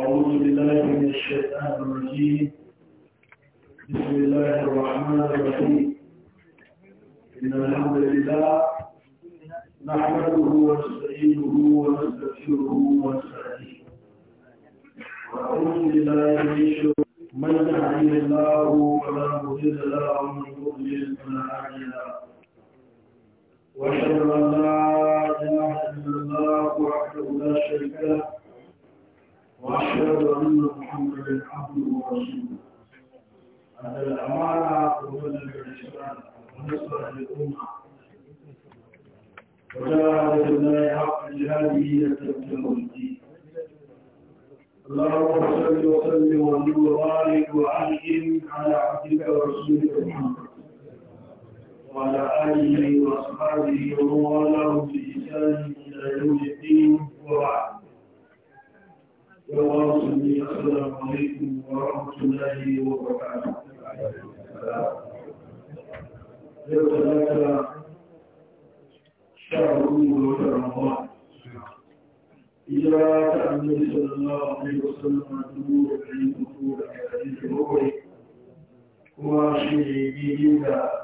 أعوذ بالله من الشيطان الرجيم بسم الله الرحمن الرحيم إن الحمد لله نحمده ونستعينه ونستغفره ونستهديه ونعوذ بالله من شرور من يهده الله فلا مضل له ومن يضلل فلا هادي له وأشهد أن لا إله إلا الله وحده لا شريك له وأشهد أن محمدا عبده ورسوله أدى الأمانة وبلغ الإسلام ونصر للأمة وجاهد الله حق جهاده يتبتغ الدين اللهم صل وسلم وبارك وأنعم على عبدك ورسولك محمد وعلى آله وأصحابه ومن والاه بإحسان إلى يوم الدين وبعد السلام عليكم ورحمة الله وبركاته. يوم ثلاثة شهر رمضان إجراءات النبي صلى الله عليه وسلم الدور في الدخول على هذه وما شيء بإذن الله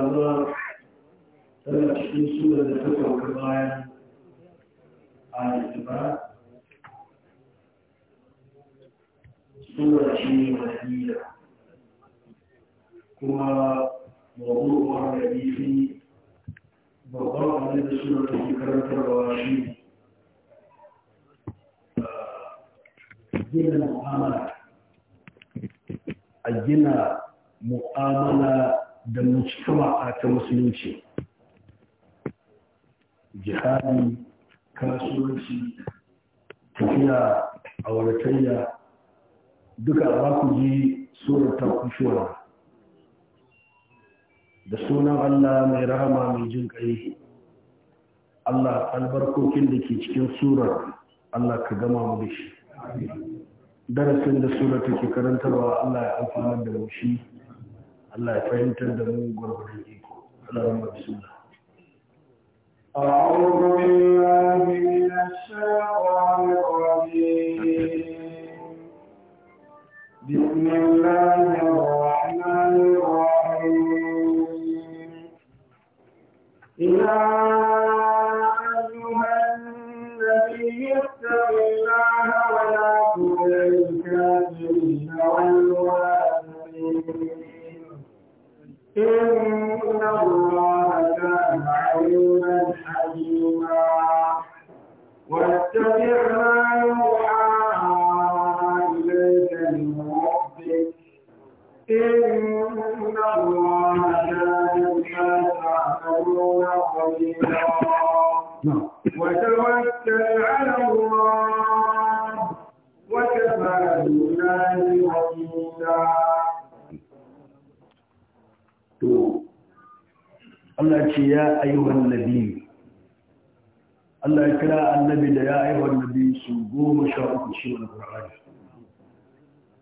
damuwa tana cikin sura da ta sauka bayan a ba sura ce madaniya kuma mawuruwar da bifi babban abin da sura ta fi karantarwa shi ah, gina mu'amala a gina mu'amala da a ta musulunci jihadi kasuwanci tafiya auratayya duka a ku ji tsoron ta da sunan Allah mai rahama mai jin ƙai Allah albarkokin da ke cikin surar Allah ka gama mu da shi darasin da tsoron take karantarwa Allah ya amfana da mu shi Allah ya fahimtar da mu gwargwadon iko Allahumma bismillah أعوذ بالله من الشيطان الرجيم بسم الله الرحمن الرحيم إن الله كان عليما حليما واتبع ما يوحى إليك من ربك إن الله كان بما تعملون خبيرا وتوكل على الله Allah ce ya ayyuhan nabi Allah ya kira annabi da ya ayyuhan nabi su goma sha uku shi wani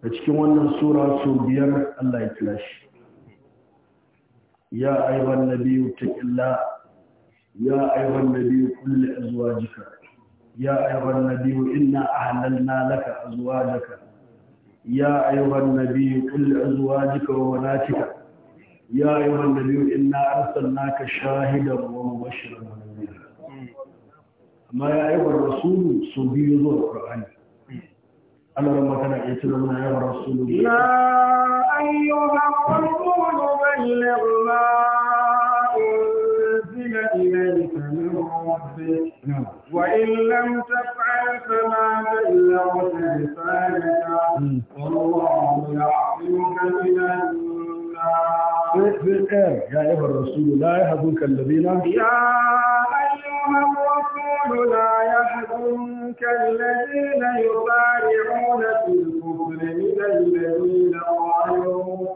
da cikin wannan sura su biyar Allah ya kira shi ya ayyuhan nabi taqillah يا أيها النبي a لأزواجك يا أيها النبي إنا Ya لك أزواجك يا أيها النبي قل لأزواجك وبناتك يا أيها النبي إنا أرسلناك شاهدا ومبشرا ونذيرا أما يا أيها الرسول صبي ذو القرآن أنا لما كان يتلون يا رسول الرسول يا أيها الرسول بلغ ما أنزل إليك من ربك نعم. وإن لم تفعل فما بلغت رسالتك والله يعصمك من الناس في الآن يا أيها الرسول لا يحزنك الذين يا أيها الرسول لا يحزنك الذين يطالعون في الكفر من الذين قالوا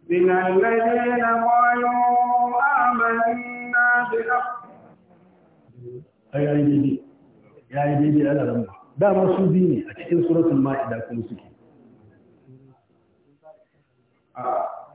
من الذين قالوا آمنا بالحق أي أي دي يا أي دي دي أنا لما ده مرسول ديني أتكلم سورة المائدة كل سكين آه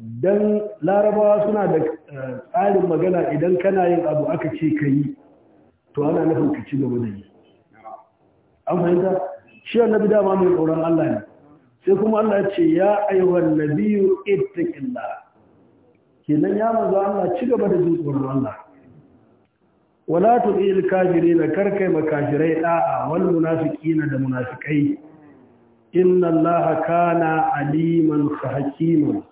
Dan larabawa suna da eh, tsarin magana idan kana yin abu aka ce ka yi to ana nufin ka ci gaba da yi an fahimta shi nabi dama mai tsoron Allah ne sai kuma Allah ya ce ya ayyuhan nabiyyu Ke kenan ya manzo Allah ci gaba da jin tsoron Allah wala tu'il kafirina karkai makafirai da'a wal munafiqina da munafikai inna kana aliman hakiman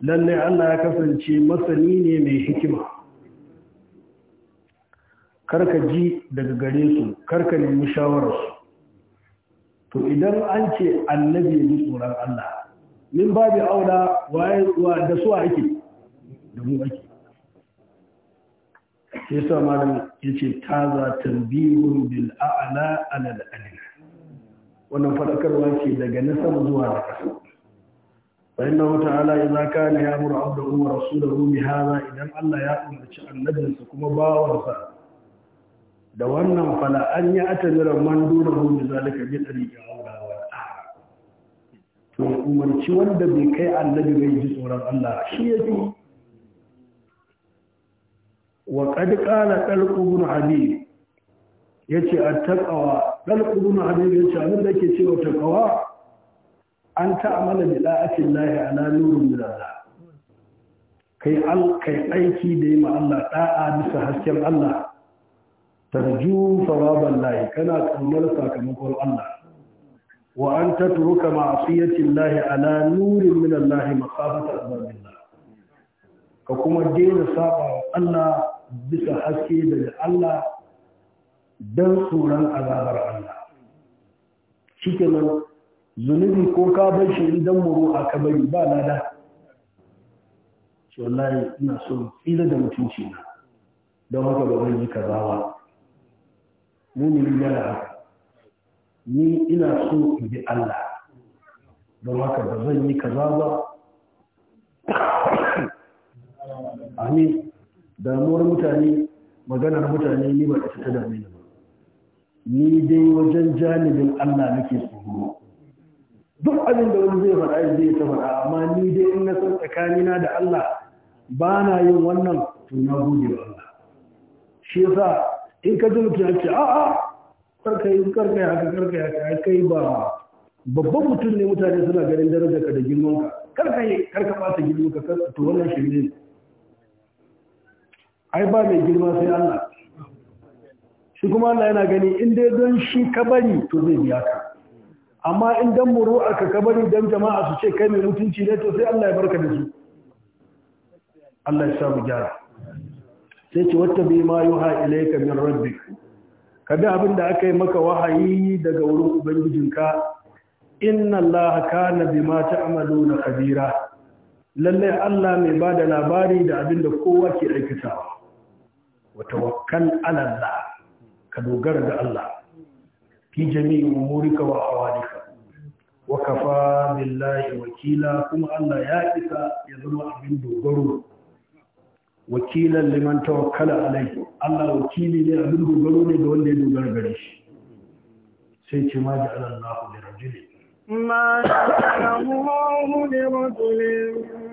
lalle Allah ya kasance masani ne mai hikima karka ji daga gare su karka nemi shawararsu to idan an ce annabi ya ji tsoron Allah min babu aula wa da a ake da mu ake sai sa malam yace za tanbihun bil a'la ala al adna wannan fadakarwa ce daga nasab zuwa da kasa فإنه تعالى إذا كان يأمر عبده ورسوله بهذا إذا الله يأمر النبي kuma باورسا da wannan فلا an yi atamira man dole hu da zalika bi tsariki aura umarci wanda bai kai annabi bai ji tsoron Allah shi yake wa qad qala talq habib yace at-taqwa talq habib yace abin da yake cewa taqwa an ta'amala bi da'atin lahi ala nurun min Allah kai al kai aiki da yi ma Allah da'a bisa hasken Allah tarju sawaban lahi kana kaunar sakamakon Allah wa an tatruka ma'asiyatin lahi ala nurin min Allah makhafata azabillah ka kuma daina saba wa Allah bisa haske daga Allah dan tsoron azabar Allah kenan zunubi ko ka bar shi idan muru a ka bari ba lada to wallahi ina so ila da mutunci na don haka ba zan yi kaza ba ni yana haka ni ina so in bi Allah don haka ba zan yi kaza ba amin damuwar mutane maganar mutane ni ba ta ta dame ni ba ni dai wajen janibin Allah nake tsoro duk abin da wani zai faɗa zai ta faɗa amma ni dai in na san tsakanina da Allah ba na yin wannan to na gode wa Allah shi yasa in ka ji mutum ya ce a a karka yi karka haka karka haka kai ba babban mutum ne mutane suna ganin darajar ka da girman ka karka yi karka bata girman ka to wannan shi ne ai ba mai girma sai Allah shi kuma Allah yana gani in dai don shi ka bari to zai biya ka amma in dan muru'ar ka ka bari dan jama'a su ce kai mai mutunci ne to sai Allah ya barka da su Allah ya sa mu gyara sai ce wata bi ma yuha ilayka min rabbik ka bi abin da aka yi maka wahayi daga wurin ubangijinka inna Allah kana bima ta'maluna kabira lalle Allah mai da labari da abin da kowa ke aikatawa wa tawakkal ala Allah ka dogara da Allah fi jami'i umurika wa wa kafa billahi wakila kuma Allah ya isa ya zama abin dogaro wakilan liman tawakkala alai Allah wakili ne abin dogaro ne ga wanda ya dogara gare shi sai ce ma da Allah da rajuli ma Allah da rajuli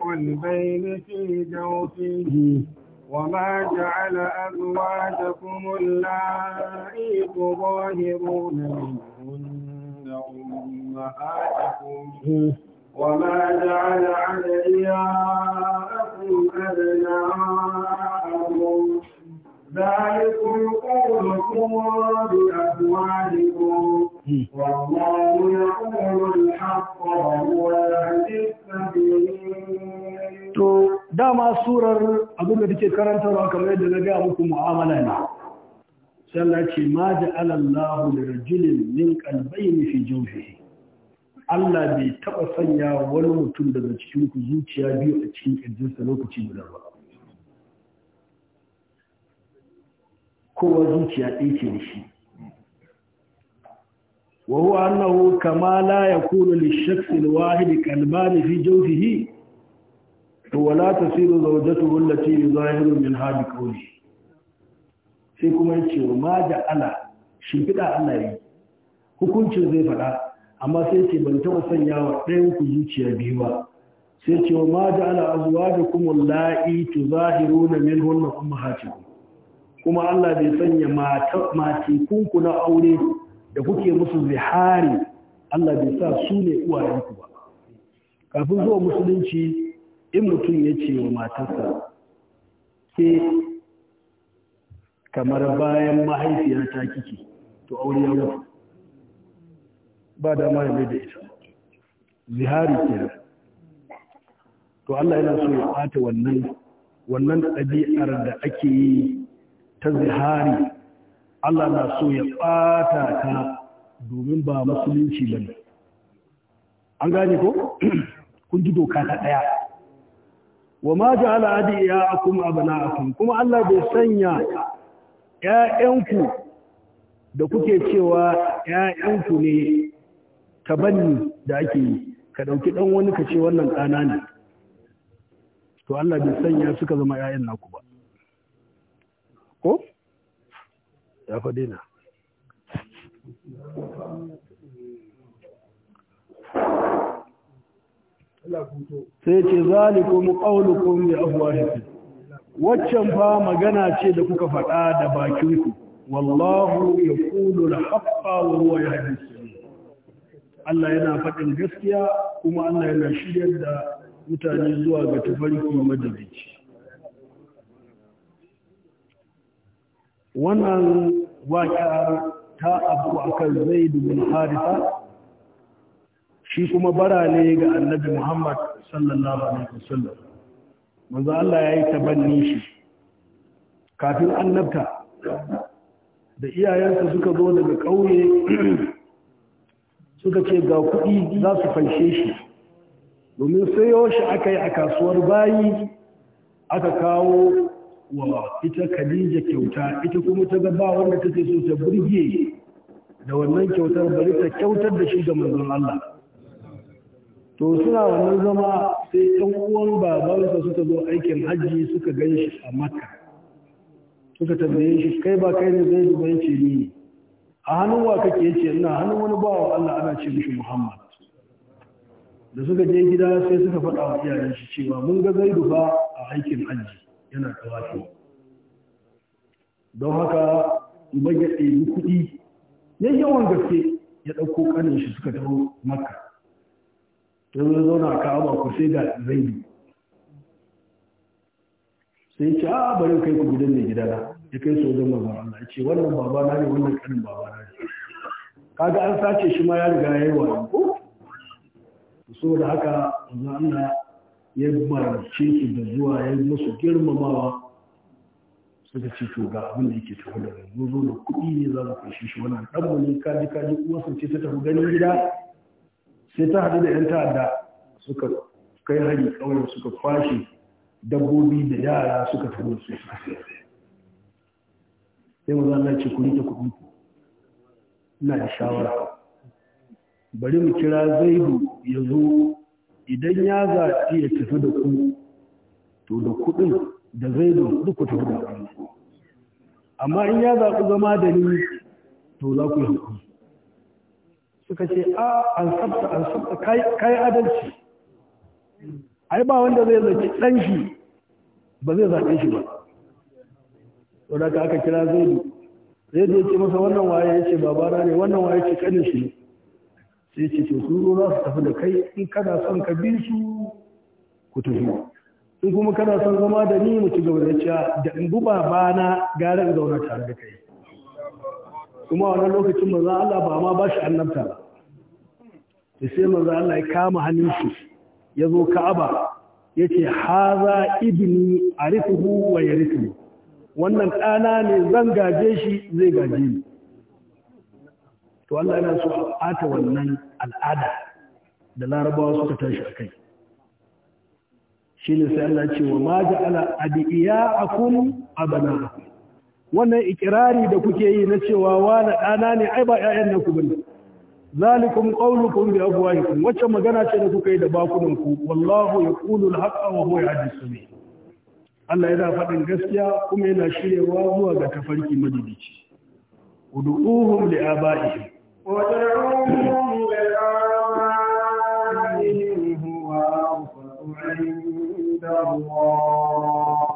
قلبين في جوفه وما جعل أزواجكم اللائي تظاهرون منهن وما جعل أدعياءكم أبناءكم ذلكم قولكم بأسوالكم والله يقول الحق وهو يهدي السبيل. To dama surar abin da take karantarwa kamar yadda na gaya muku mu'amala na. sai Allah ce ma ja'ala Allahu lirajulin min qalbayni fi jawfihi Allah bai taba sanya wani mutum daga cikin ku zuciya biyu a cikin kirjinsa lokaci guda ba kowa zuciya ɗaya ce da shi wa huwa annahu kama la yakunu li shakhsin wahid qalban fi jawfihi wa la tasiru zawjatuhu allati yuzahiru min hadi qawlihi sai kuma ya ce ma da ala shimfiɗa Allah yi hukuncin zai faɗa amma sai ce ban taɓa sanya wa ɗayan ku zuciya biyu ba sai ce ma da ala tu zahiru na minhunna ummahatikum kuma Allah bai sanya matikun kunku na aure da kuke musu zihari Allah bai sa su ne uwayenku ba kafin zuwa musulunci in mutum ya ce wa matarsa sai. kamar bayan mahaifiyata kike to aure ya mutu ba da ma yabe da ita zihari kenan to Allah yana so ya bata wannan wannan ɗabi'ar da ake yi ta zihari Allah na so ya bata ta domin ba musulunci ba ne an gane ko kun ji doka ta ɗaya wa ma ja'ala adiya abna'akum kuma Allah bai sanya ‘ya'yanku da kuke cewa ‘ya'yanku ne ka banni da ake yi, ka ɗauki ɗan wani ka ce wannan ɗana ne, to Allah bai sanya suka zama ‘ya'yan naku ba. Ko? Ya faɗi na. Sai ce za ni kuma ƙaunukun ya abuwa shi waccan fa magana ce da kuka faɗa da bakinku wallahu ya kulu da haɓɓa ruwa ya Allah yana faɗin gaskiya kuma Allah yana shiryar da mutane zuwa ga tafarki madabici wannan waƙar ta abu akan zai bin Harisa. shi kuma bara ne ga annabi muhammad sallallahu alaihi wasallam manzo Allah ya yi tabanni shi kafin annabta da iyayensa suka zo daga ƙauye suka ce ga kuɗi za su fanshe shi domin sai shi aka yi a kasuwar bayi aka kawo wa ita Khadija kyauta ita kuma ta gaba wanda ta take so ta burge da wannan kyautar bari ta kyautar da shi ga manzon Allah to suna wannan zama sai ɗan uwan babansa suka zo aikin hajji suka gan shi a makka suka tambaye shi kai ba kai ne zai zuba yace ni a hannun wa kake yace ina hannun wani bawa Allah ana ce mishi Muhammad da suka je gida sai suka faɗa wa iyayen shi cewa mun ga zaidu duba a aikin hajji yana tawafi don haka uban kuɗi ya yawan gaske ya ɗauko ƙanin shi suka taho makka yanzu ya zauna a ka'aba ku sai da zaidu sai ce a bari kai ku gidan mai gidana ya kai su wajen mazan Allah ya ce wannan baba na ne wannan kanin baba na ne kaga an sace shi ma ya riga ya yi wayo so saboda haka mazan Allah ya mararce su da zuwa ya musu girmamawa suka ce to ga abin da yake tafi da mu zo da kuɗi ne za mu kashe shi wannan ɗan mu ne kaji kaji sun ce ta tafi ganin gida sai ta haɗu da 'yan ta'adda suka kai hari kawai suka kwashe dabbobi da yara suka taho su sai Maza na ce ku rike kuɗi ina da shawara bari mu kira zaidu ya zo idan ya za ya tafi da ku to da kuɗin da zaidu duk ku tafi da ku amma in ya ku zama da ni to za ku yi hankali suka ce a alsabta alsabta kai adalci ai ba wanda zai zaki dan ba zai zaki shi ba wanda ka aka kira zaidu zaidu ya ce masa wannan waye ya ce babana ne wannan waye ce kanin shi ne sai ce to su zo za su tafi da kai in kana son ka bi su ku tafi in kuma kana son zama da ni mu ci gaba da cewa da in guba bana gara in zauna tare da kai kuma wannan lokacin manzo Allah ba ma bashi annabta ba da sai manzo Allah ya kama hannun shi ya zo Ka'aba yace haza ibni arifuhu wa yarithu wannan ɗana ne zan gaje shi zai gaje ni to Allah yana so a ata wannan al'ada da larabawa suka tashi a kai shi ne sai Allah ce wa ma ja'ala adiya'akum abana wannan ikirari da kuke yi na cewa wani ɗana ne ai ba 'ya'yan na ku bane zalikum qawlukum bi afwahikum wacce magana ce da kuka yi da bakunan ku wallahu ya al-haqqa wa huwa yahdi Allah yana faɗin gaskiya kuma yana shirewa zuwa ga tafarki madidici ud'uhum li aba'ihim wa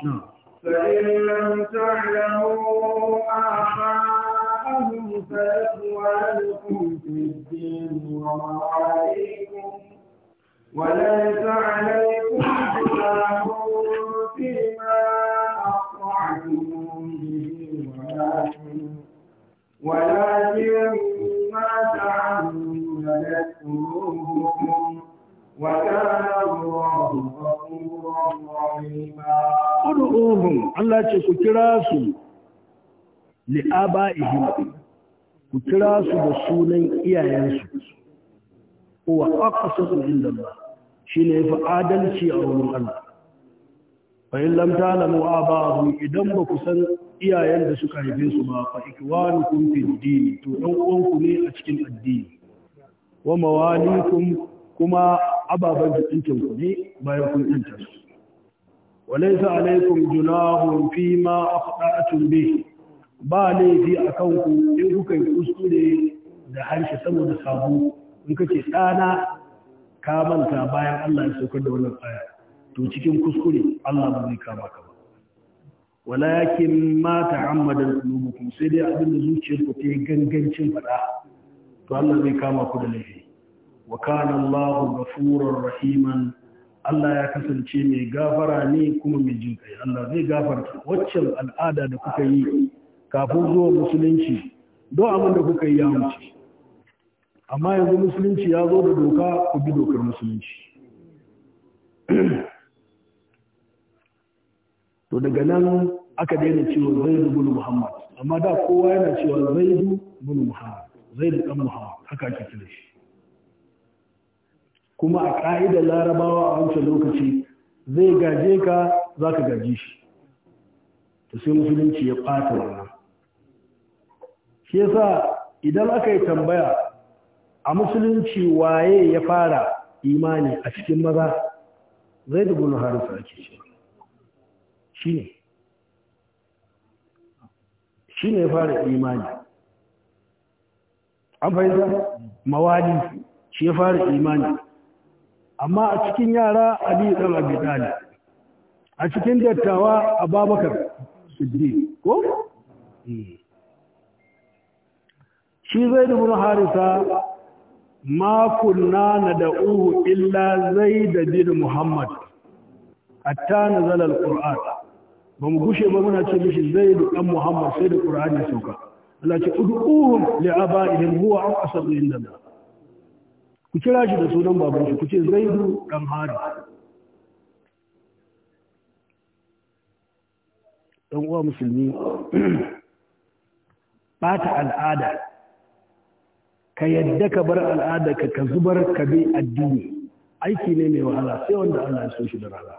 anfa'u فإن لم تعلموا آباءهم فإخوانكم في الدين ومواليكم وليس عليكم جناح فيما أخطأتم به ولكن ولكن ما تعمدت قلوبكم وكان الله غفورا Ƙudu'uhun Allah ce ku kira su li'aba ihim, ku kira su da sunan iyayensu, wa ƙaƙasa su da ba, shi ne fi adalci a wurin Allah. Fa'in lamta na mu'aba idan ba ku san iyayen da suka haife su ba, fa'ikiwani kun fi dini, to ɗan ne a cikin addini, wa mawalikun kuma ababen jikin ku ne bayan kun inta su walaisa alaikum junahun fi ma akhta'tum bi ba laifi akan ku in kuka yi kuskure da harshe saboda sabu in kace ɗana. ka manta bayan Allah ya saukar da wannan aya to cikin kuskure Allah ba zai kama ka ba walakin ma ta'ammadan qulubukum sai dai abin da zuciyarku ta yi gangancin faɗa? to Allah zai kama ku da laifi wa kana rahiman Allah ya kasance mai gafara ne kuma mai jin kai Allah zai gafarta waccan al'ada da kuka yi kafin zuwa musulunci don abin da kuka yi ya wuce amma yanzu musulunci ya zo da doka ku bi dokar musulunci to daga nan aka daina cewa zaidu bin muhammad amma da kowa yana cewa zaidu bin muhammad zaidu bin muhammad haka ake kira shi kuma a ƙa'idar larabawa a wancan lokaci zai gaje ka za ka gaji shi to sai musulunci ya ɓata wannan shi yasa idan aka yi tambaya a musulunci waye ya fara imani a cikin maza zai da gudun harisa ake ce shi ne shi ne ya fara imani an fahimta mawali shi ya fara imani amma a cikin yara ali dan abi talib a cikin dattawa Abubakar siddiq ko shi zaid ibn harisa ma kunna nad'uhu illa zaid bin muhammad hatta nazala alquran ba mu gushe ba muna ce mishi zaid dan muhammad sai da qur'ani sauka Allah ce ud'uhum li abaihim huwa an indana ku kira shi da sunan baban shi ku ce zaidu dan hari dan uwa musulmi bata al'ada ka yadda ka bar al'ada ka ka zubar ka bi addini aiki ne mai wahala sai wanda Allah ya so shi da rana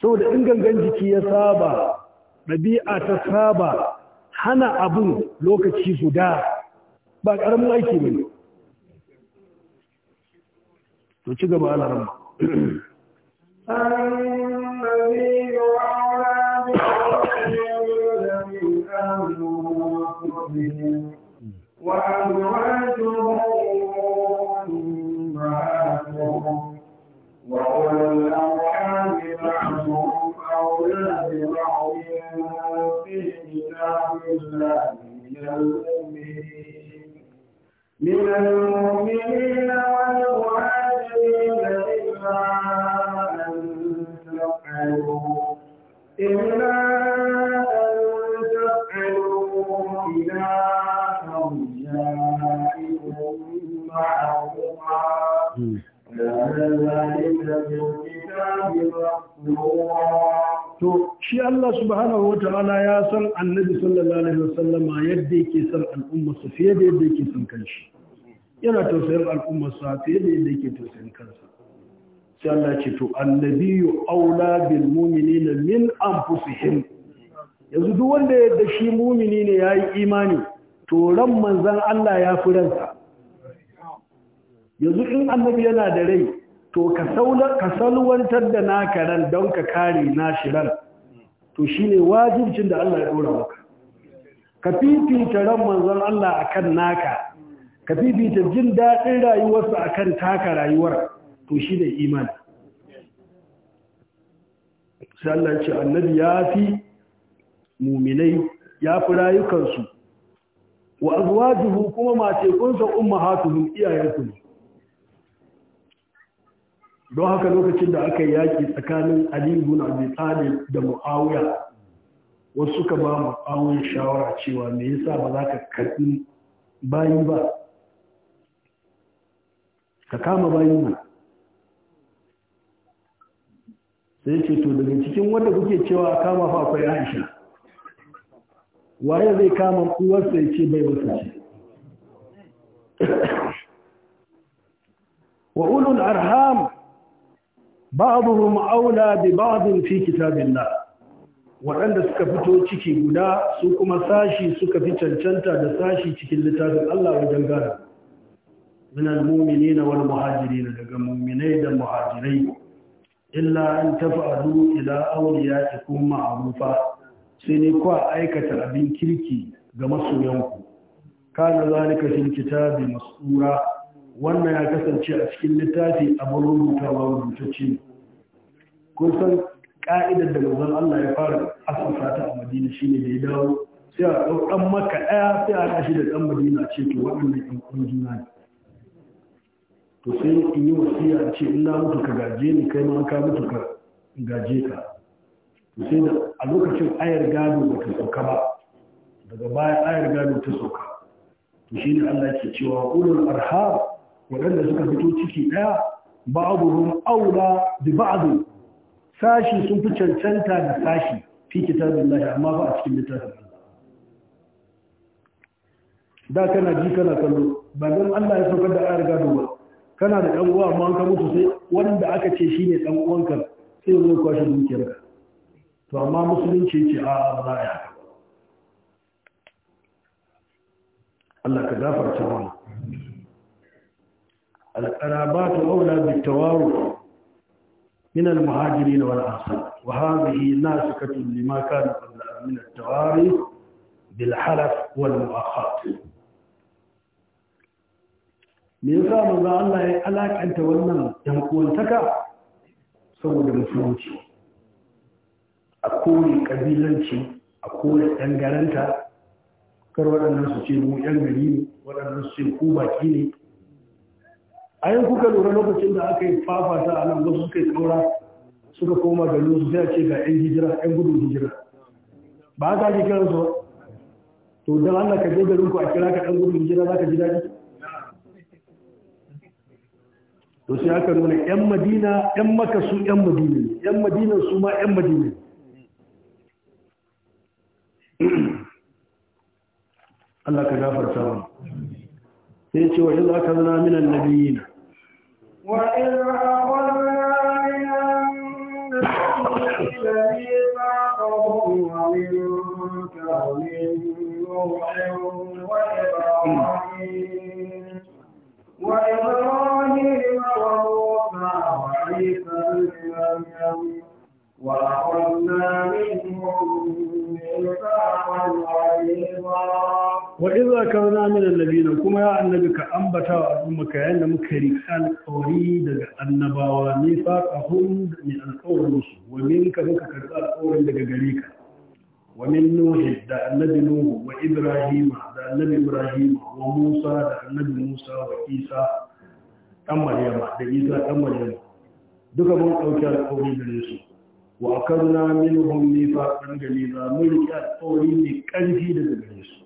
saboda in gangan jiki ya saba ɗabi'a ta saba hana abin lokaci guda ba ƙaramin aiki ne to ci gaba ana rama من المؤمنين والمهاجرين to shi Allah subhanahu ya san annabi sallallahu alaihi wasallama yadda yake san al'ummarsa fiye da yadda yake san kanshi yana tausayin al'ummarsa fiye da yadda yake tausayin kansa sai Allah ce to annabiyu aula bil mu'minina min anfusihim yanzu duk wanda yadda shi mumini ne yayi imani to ran manzon Allah ya fi ransa yanzu in annabi yana da rai to ka saula ka salwantar da naka ran don ka kare nashi ran to shine wajibcin da Allah ya dora maka ka fifita ran manzon Allah akan naka ka fifita jin daɗin rayuwarsa akan taka rayuwar to shi ne imani sai annabi ya fi muminai ya fi rayukansu wa azwajuhu kuma matekunsa ummahatuhum iyayensu ne don haka lokacin da aka yaki tsakanin Ali ibn Abi Talib da Muawiya wasu suka ba awon shawara cewa me yasa ba za ka karbi bayi ba ka kama bayi ba sai ce to daga cikin wanda kuke cewa kama fa akwai aisha waye zai kama uwarsa ya ce bai wasu ce wa ulul arham ba'dhum aula bi ba'd fi kitabillah waɗanda suka fito ciki guda su kuma sashi suka fi cancanta da sashi cikin littafin Allah wajen gada min al-mu'minina wal muhajirin daga mu'minai da muhajirai illa an tafa'alu ila a rufa, sai ne ku aikata abin kirki ga masoyanku kana zalika fil kitabi masura wannan ya kasance a cikin littafi abin rubutawa rubutacce kun san ka'idar da manzon Allah ya fara asasa ta a Madina shine da ya dawo sai a ɗau maka ɗaya sai a ɗashi da ɗan Madina ce to waɗannan ɗan juna ne to sai in yi wasiya ce in na mutu ka gaje ni kai ma ka mutu ka gaje ka to sai da a lokacin ayar gado ba ta sauka ba daga baya ayar gado ta sauka to shi ne Allah ke cewa ulul arham waɗanda suka fito ciki ɗaya ba'aduhum aula da ba'd sashi sun fi cancanta da sashi fi Allah amma ba a cikin littafin da kana ji kana kallo ba dan Allah ya saukar da ayar gado ba kana da ɗan’uwa amma ka mutu sai wanda aka ce shi ne ɗan’uwanka sai zo kwashe dukiyarka to amma musulunci ce a za a yi haka Allah ka gafar cewa alƙara ba ta ƙaura da tawaro minal muhajiri na wani asa wa hazihi na su katin limaka da ƙaura minal tawari bil halaf wal mu'akhat me yasa manzo Allah ya alakanta wannan dankuwantaka saboda musulunci a kore kabilanci a kore dangaranta kar waɗannan su ce mu yan gari ne waɗannan su ce ku baki ne a yin kuka lura lokacin da aka yi fafata a nan wasu suka yi tsaura suka koma da lusu sai ce ga yan hijira yan gudun hijira ba haka ake kiransu to don Allah ka je garin ku a kira ka ɗan gudun hijira za ka ji daɗi to sai aka nuna yan madina yan maka su yan madina yan madina su ma yan madina Allah ka gafarta mu sai ce wa idza akhadna min an-nabiyyin wa idza akhadna min an-nabiyyin wa minka wa minhum wa wa a wannan wa min da lafi kuma ya annabi ka an bata wa abin maka da muka yi alkawari daga annabawa ne ba ka hun da ne alkawarin su wa min ka muka karfi daga gari ka wa nuhi da annabi nuhu wa ibrahim da annabi Ibrahima wa musa da annabi musa wa isa kammar yamma da isa kammar yamma duka mun ɗauki alƙawari gare su wa a kan na minuhun ne fa ɗan gani na mun yi ne ƙarfi daga gare su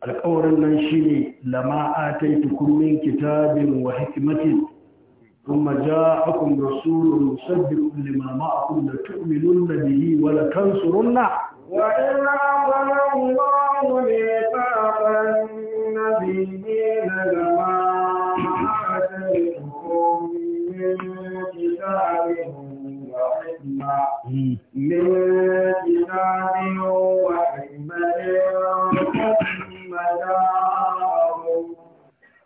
alƙawarin nan shine ne lama a ta kitabin wa hikimatin kuma ja akun rasulun musabbi kulli ma ma a kun da tu'minun na bihi wala kan surun na wa ina ne fa ɗan na daga ma a وحكمة من كتاب وحكمة ثم جاءهم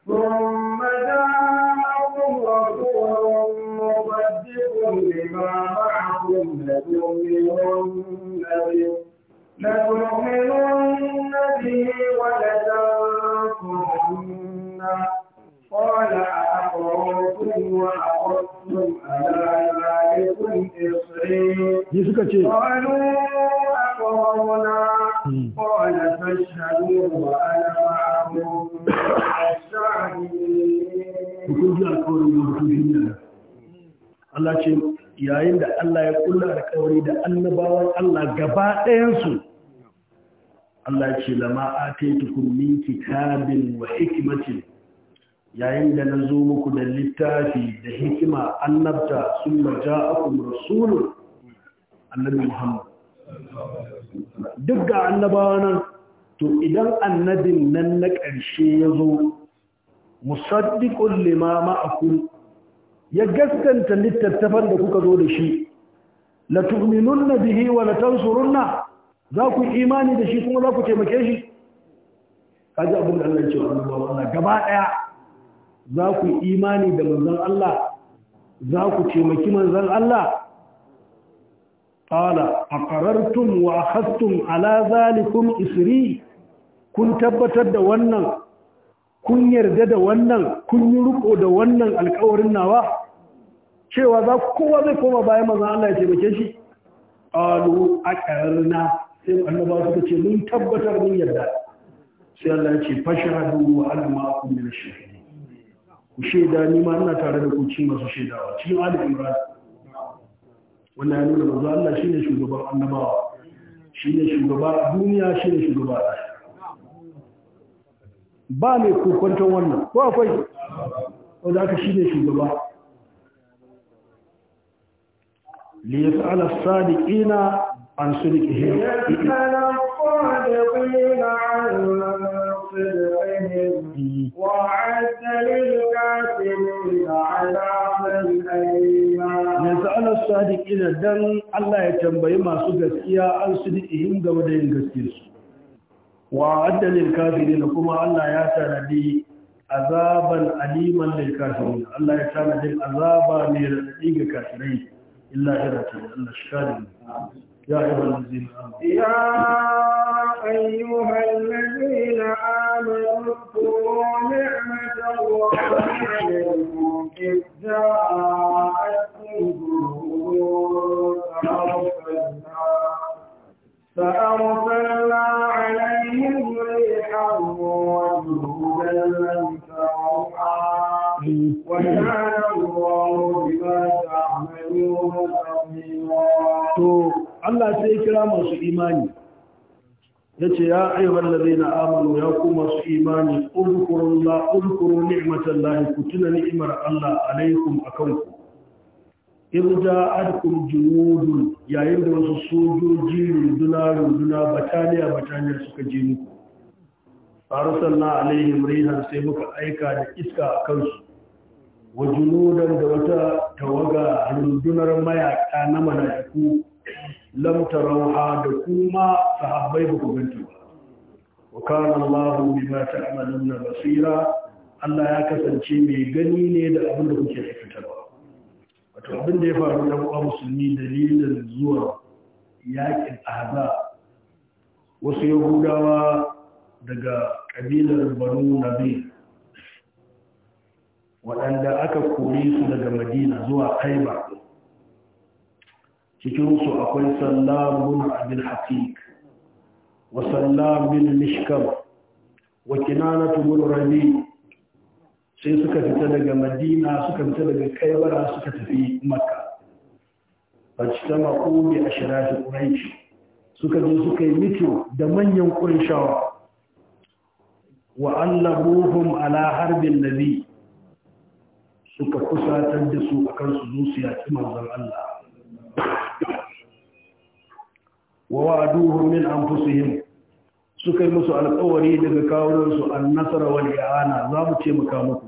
ثم جاءهم رسول مصدق لما معهم لتؤمنن به لتؤمنن به ولتنصرنه قال أأقررتم وأقرتم Ni suka ce, Hukunci alkawarin rubutun da Allah ce, yayin da Allah ya kulla alkawari da annabawan Allah gaba ɗayansu, Allah ce, lama a taitukun min kitabin wa hikimatin yayin da na zo muku da littafi da hikima annabta sun maja akum rasulun annabi muhammad duk ga annabawa nan to idan annabin nan na ƙarshe ya zo musaddiƙun limama a ya gaskanta littattafan da kuka zo da shi la tu'minunna bihi wa la za ku imani da shi kuma za ku taimake shi kaji abin da Allah ya ce wa gaba ɗaya za ku yi imani da manzan Allah za ku taimaki manzan Allah qala tun wa hastun ala zalikum isri kun tabbatar da wannan kun yarda da wannan kun yi da wannan alkawarin nawa cewa za ku kowa zai koma bayan manzan Allah ya taimake shi qalu aqararna sai annaba suka ce mun tabbatar mun yarda sai Allah ya ce hadu wa alama kun yi ash ku shaida ni ma ina tare da ku ci masu shaidawa cikin Ali Imran wannan ya nuna manzo Allah shine shugaban annabawa shine shugaba a duniya shine shugaba ba ba mai kokwanton wannan ko akwai wanda aka shine shugaba li yas'ala as-sadiqina an sadiqihim dan Allah ya tambayi masu gaskiya an su ni ihin game da yin gaske su wa adda lil kafirin kuma Allah ya tanadi azaban aliman lil kafirin Allah ya tanadi azaba mai radadi ga kafirai illa irata Allah shadi يا أيها الذين آمنوا اذكروا نعمة الله عليكم إذ جاءتكم فأرسلنا عليهم ريحا وجودا To, Allah sai kira masu imani, ya ce, Ya ayyuban na amalu ya ku masu imani, ƙulƙuru ni'imatan lahi ku tuna ni'imar Allah alaikum a kanku. Irja adkun junudun yayin da wasu sojoji runduna runduna bataniya bataniya suka je muku. Farusan na alaihim rihar sai muka aika da iska a kansu. wa da wata tawaga rundunar mayaka na mala'iku lam tarauha da kuma sahabbai ba ku ganta ba wa kana Allahu bima ta'maluna basira Allah ya kasance mai gani ne da abin da kuke fitarwa wato abin da ya faru da kuma musulmi dalilin zuwa yaƙin ahza wasu yahudawa daga kabilar banu nabi waɗanda aka kore su daga madina zuwa haiba cikinsu akwai sallamun abin hafiq wa sallamun mishkam wa kinanatu bin rabi sai suka fita daga madina suka fita daga kaibara suka tafi makka fajtama qumi ashrafi quraish suka zo suka yi mito da manyan ƙunshawa wa buhun ala harbin nabi suka kusatar da su a kansu zuciya ya manzan Allah wa duhu min an anfusihim suka yi musu alkawari daga kawunansu an nasara wani ya'ana za mu ce muka muku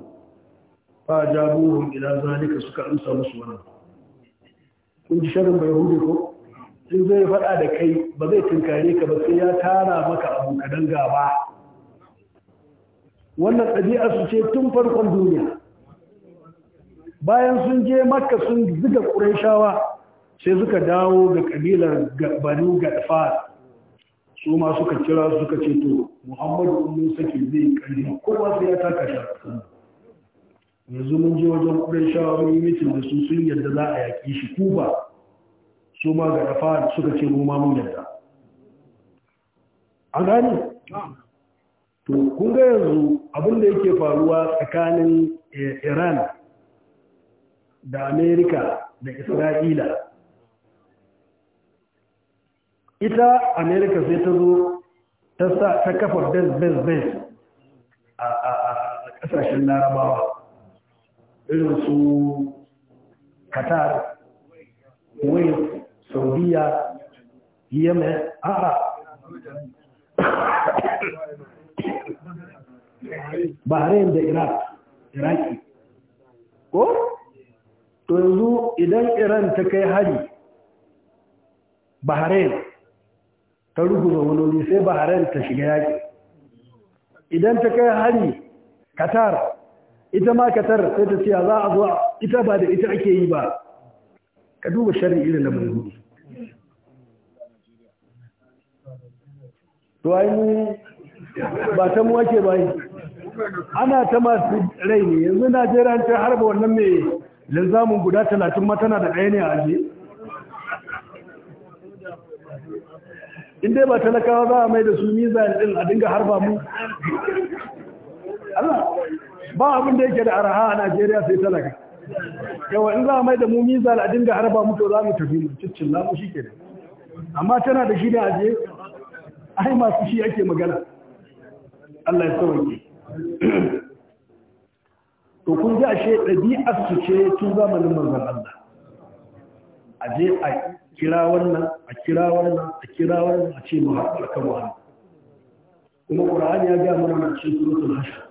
fa buhun ila zalika suka amsa musu wani. kun ji shirin bai hudu ko in zai faɗa da kai ba zai tunkare ka ba sai ya tara maka danga ba. wannan ɗabi'a su ce tun farkon duniya bayan sun je makka sun zuga ƙuraishawa sai suka dawo ga ƙabilar ga gadfar su ma suka kira suka ce to muhammadu umu sake zai ƙarfi kowa sai ya taka shi yanzu mun je wajen ƙuraishawa mun yi mitin da su sun yadda za a yaƙi shi kuba su ma ga gadfar suka ce mu ma mun yadda a gani to kun ga yanzu abin da yake faruwa tsakanin eh, iran da amerika da isra'ila ita amerika sai ta zo ta kafa best best best a kasashen larabawa irin su qatar kuwait saudiya yemen a'a bahrain da iraq iraki ko to yanzu idan iran ta kai hari bahrain ta ruguza wani sai bahrain ta shiga yaƙi idan ta kai hari qatar ita ma qatar sai ta ce za a zo ita ba da ita ake yi ba ka duba shari'i irin na mulki to ainihin ba ta mu ake ba ana ta masu rai ne yanzu najeriya ta harba wannan mai zamun guda talatin ma tana da ɗaya ne a ajiye in dai ba talakawa za a mai da su mizan ɗin a dinga harba mu ba abin da yake da araha a Najeriya sai talaka yawa in za a mai da mu miza a dinga harba mu to za mu tafi mu ciccin lamu shi ke amma tana da shi da ajiye ai masu shi ake magana Allah ya sauke to kun ji ashe ɗabi'ar su ce tun zamanin manzon Allah a je a kira wannan a kira wannan a kira wannan a ce mu haɗar kan wani kuma Qur'ani ya ga mana ce suratul hashr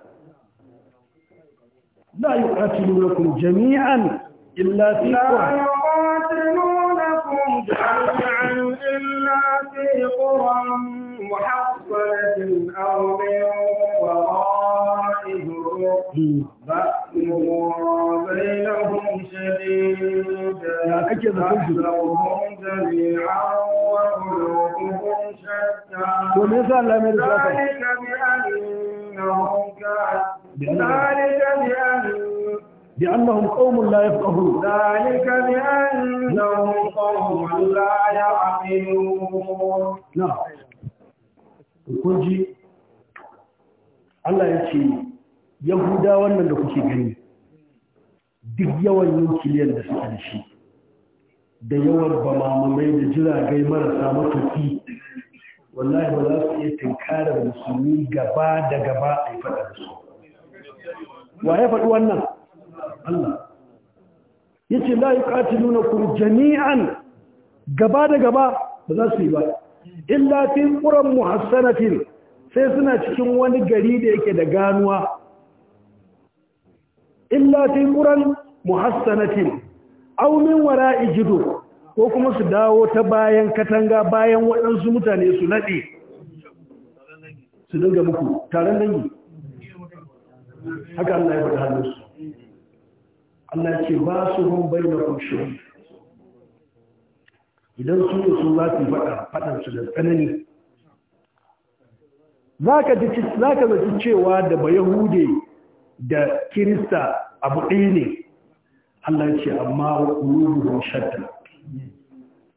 la yuqatilunakum jami'an illa fi qura محصنة أو من وراء ذروة حكمهم بينهم شديد وقلوبهم شتى ذلك بأنهم ذلك قوم لا يفقهون ذلك بأنهم قوم لا يعقلون نعم كنجي الله يشفيه yahuda wannan da kuke gani duk yawan nukiliyar da suke da shi da yawan mamamai da jiragai marasa matuki wallahi ba za su iya tunkarar musulmi gaba da gaba a faɗa da su wa ya faɗi wannan allah ya ce la yi nuna kun jami'an gaba da gaba ba za su yi ba illa ƙuran muhassanatin sai suna cikin wani gari da yake da ganuwa illa fi quran muhassanatin aw min wara'i jidur ko kuma su dawo ta bayan katanga bayan waɗansu mutane su naɗe su dinga muku taron dangi haka Allah ya faɗa faɗi su. Allah ce ba su hun bai na kunshi idan su ne su za su faɗa faɗan su da tsanani za ka zaci cewa da bayahude da kirista abu ɗaya ne Allah ce amma ruhu shatta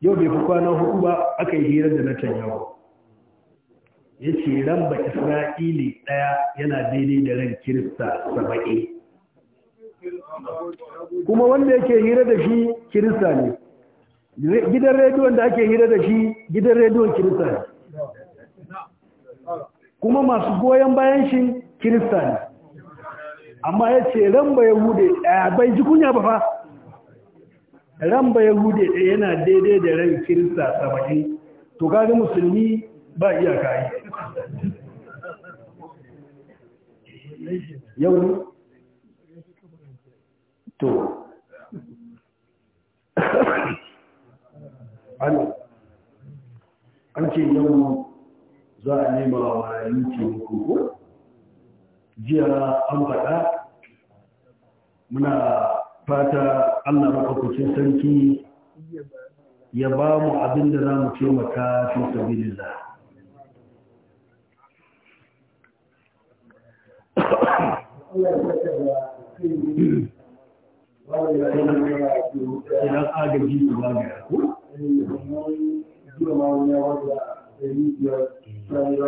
yau bai fi kwana hudu ba aka yi hirar da na tanyawa ya ce ran ba isra'ili ɗaya yana daidai da ran kirista saba'i kuma wanda yake hira da shi kirista ne gidan rediyon da ake hira da shi gidan rediyon kirista ne kuma masu goyon bayan shi kirista ne amma ya ce ya hude, a bai ji kunya ba fa ramba ya yahude ɗaya yana daidai da ran kirista saba'in to gani musulmi ba iyaka yi yau ne to an ce yau za a nema wa yanki hukuku jiya an faɗa muna fata allah maɗaukacin sarki ya ba mu abin da za mu maka fi sabilillah idan agaji su ba ga yaku jiya ma da ya yi biyar tsanin ya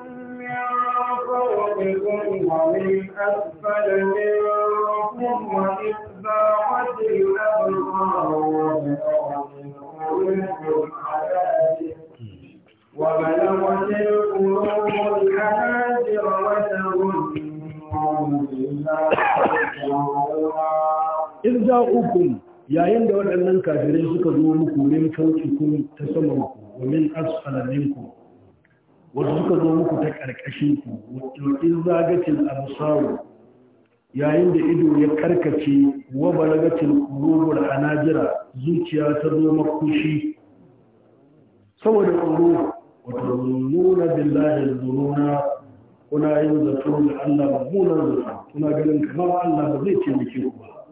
فوقكم ومن أسفل منكم وبلغت القلوب الحناجر yayin da waɗannan kafirai suka zo muku min fauki ta sama ku wa min wasu suka zo muku ta ƙarƙashin ku in zagacin absaru yayin da ido ya karkace wa balagacin a najira zuciya ta zo makushi saboda tsoro wato nuna billahi zuruna kuna yin zato da Allah ba munar zato kuna ganin kamar Allah ba zai ce ku ba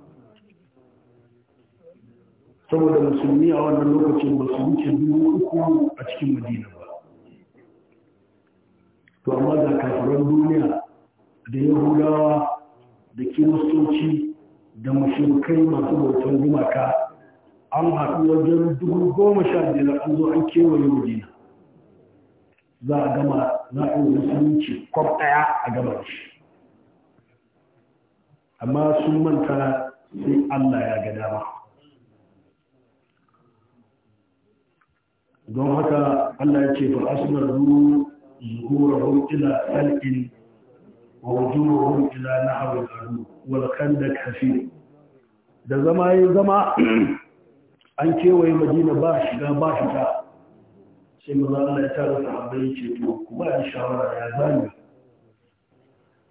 saboda musulmi a wannan lokacin ba su wuce dubu uku a cikin madina ba to amma ga kafiran duniya da yahudawa da kiristoci da mashirkai masu bautan gumaka an haɗu wajen dubu goma sha biyar an zo an kewaye madina za a gama za a yi musulunci kwam ɗaya a gaba shi amma sun manta sai allah ya ga dama don haka allah ya ce fa asnar ظهورهم إلى خلق ووجوههم إلى نحو الأرض والخندق حفير da zama ya zama an kewaye madina ba shiga ba fita sai maza Allah ya tara sahabbai ya ce to ku ba shawara ya zani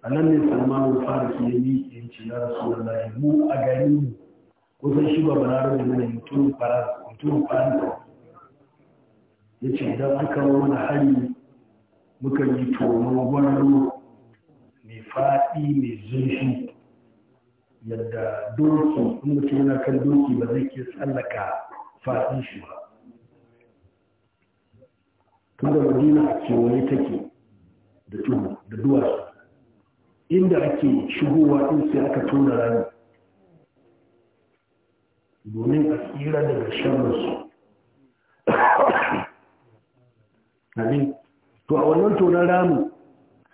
a nan ne salman farisi ya yi ya ce ya rasu mu a garin mu kusan shi ba balarar da mai mutum ya ce idan aka kawo mana hari muka yi tono gwaro mai faɗi mai zurfi yadda doki in mutum yana kan doki ba zai ke tsallaka faɗi shi ba tun da madina a kewaye take da tuhu da duwatsu inda ake shigowa in sai aka tona rami domin a tsira daga sharrinsu to a wannan tonon ramu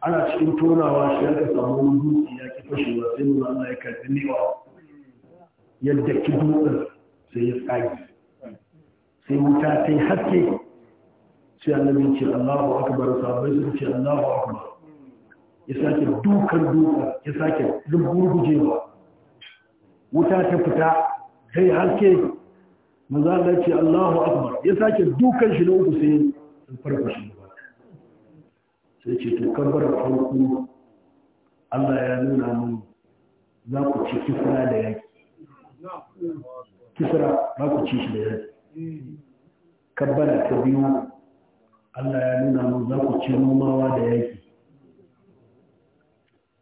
ana cikin tonawa shi aka samu wani dutse ya ki fashewa sai nuna Allah ya karɓi newa yadda ki dutsen sai ya tsage sai wuta ta yi haske sai annabi ce Allahu akbar sahabbai sun ce Allahu akbar ya sake dukan dutsen ya sake zumburgujewa wuta ta fita sai haske maza Allah ce Allahu akbar ya sake dukan shi na uku sai ya farfashe sai ce to kabbar farko Allah ya nuna mun za ku ci kisra da yaki kisra za ku ci shi da yaki kabbara ta biyu Allah ya nuna mun za ku ci nomawa da yaki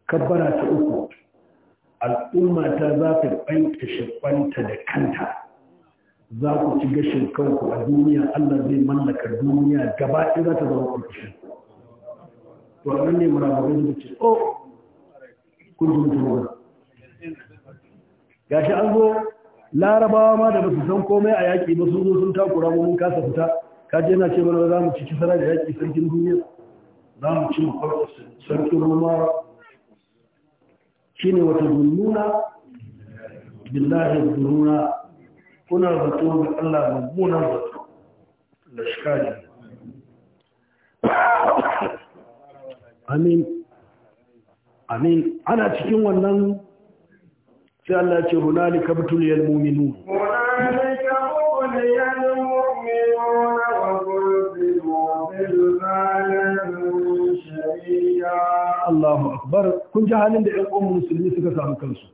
kabbara ta uku al'umma ta za ta ɓanƙashe ɓanta da kanta za ku ci gashin kanku a duniya Allah zai mallaka duniya gaba ɗaya za ta zama ƙarƙashin to a nan ne murabarai su ce o oh, kun ji mutum ba gashi an zo larabawa ma da ba su san komai a yaƙi ba sun zo sun takura mun kasa fita Ka je na ce mana za mu ci kisara da yaƙi sarkin duniya za mu ci sarkin rumawa shine wata zunnuna billahi zununa kuna zato ga Allah mummunan zato lashkari amin amin ana cikin wannan sai Allah ce hunalika ya yi hunalika Allahu akbar kun ji halin da ƴan uwan musulmi suka samu kansu